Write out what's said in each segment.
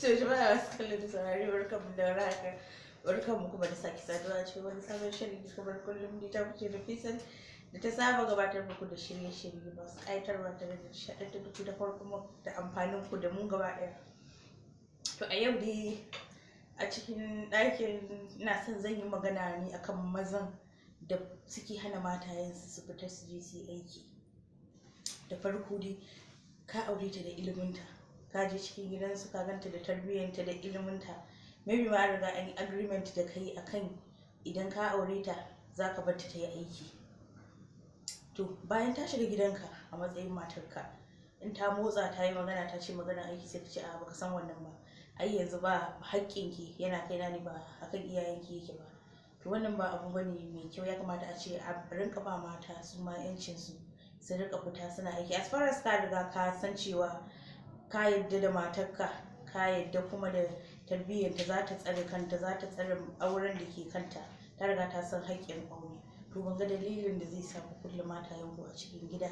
to shi ba wasu kallon da saurari barkan mu da warhaka barkan mu kuma da sake saduwa a cikin wani sabon shirin da kamar kullum ni ta fice da fisan da ta saba gabatar muku da shirye-shirye masu ƙaitarwa da shaɗar da da farko da amfanin ku da mu gaba ɗaya to a yau dai a cikin ɗakin na son zan yi magana ne akan mazan da suke hana matayensu su fita su je su yi aiki da farko dai ka aure ta da iliminta ka je cikin gidansu ka ganta da tarbiyyanta da iliminta maybe ma riga an agreement da kai akan idan ka aure ta za ka bar ta ta yi aiki to bayan ta shiga gidanka a matsayin matarka in ta motsa ta yi magana ta ce magana aiki sai ta ce a baka san wannan ba ai yanzu ba haƙƙinki yana kaina ne ba akan iyayenki yake ba to wannan ba abu bane mai kyau ya kamata a ce a rinka ba mata su ma yancin su su rika fita suna aiki as far as ka riga ka san cewa ka yadda da matarka ka yadda kuma da tarbiyyanta, za ta tsare kanta za ta tsare auren da ke kanta ta riga ta san haƙƙin aure to ban ga dalilin da zai samu kullum mata yanku a cikin gida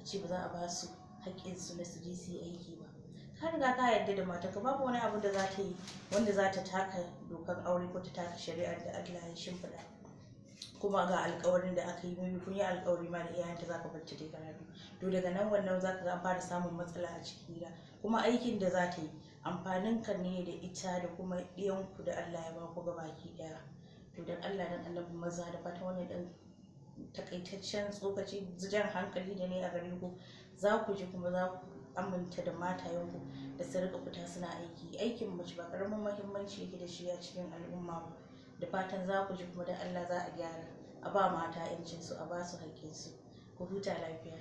a ce ba za a ba su haƙƙin su na su je su yi aiki ba ka riga ka yadda da matarka babu wani abu da za ta yi wanda za ta taka dokar aure ko ta taka shari'ar da Allah ya shimfiɗa kuma ga alƙawarin da aka yi mai kun yi alƙawari ma da iyayenta zaka bacci dai karatu to daga nan wannan zaka ga an fara samun matsala a ciki gida kuma aikin da za ta yi amfanin ka ne da ita da kuma ku da Allah ya baku ga baki ɗaya to dan Allah dan annabi maza da fata wannan dan takaitaccen tsokaci jan hankali da ne a gare ku za ku ji kuma za ku aminta da ku da su rika fita suna aiki aikin mace ba karamin muhimmanci yake da shi a cikin al'umma ba da fatan za ku ji kuma da Allah za a gyara a ba mata 'yancin su a ba su haƙƙin su ku huta lafiya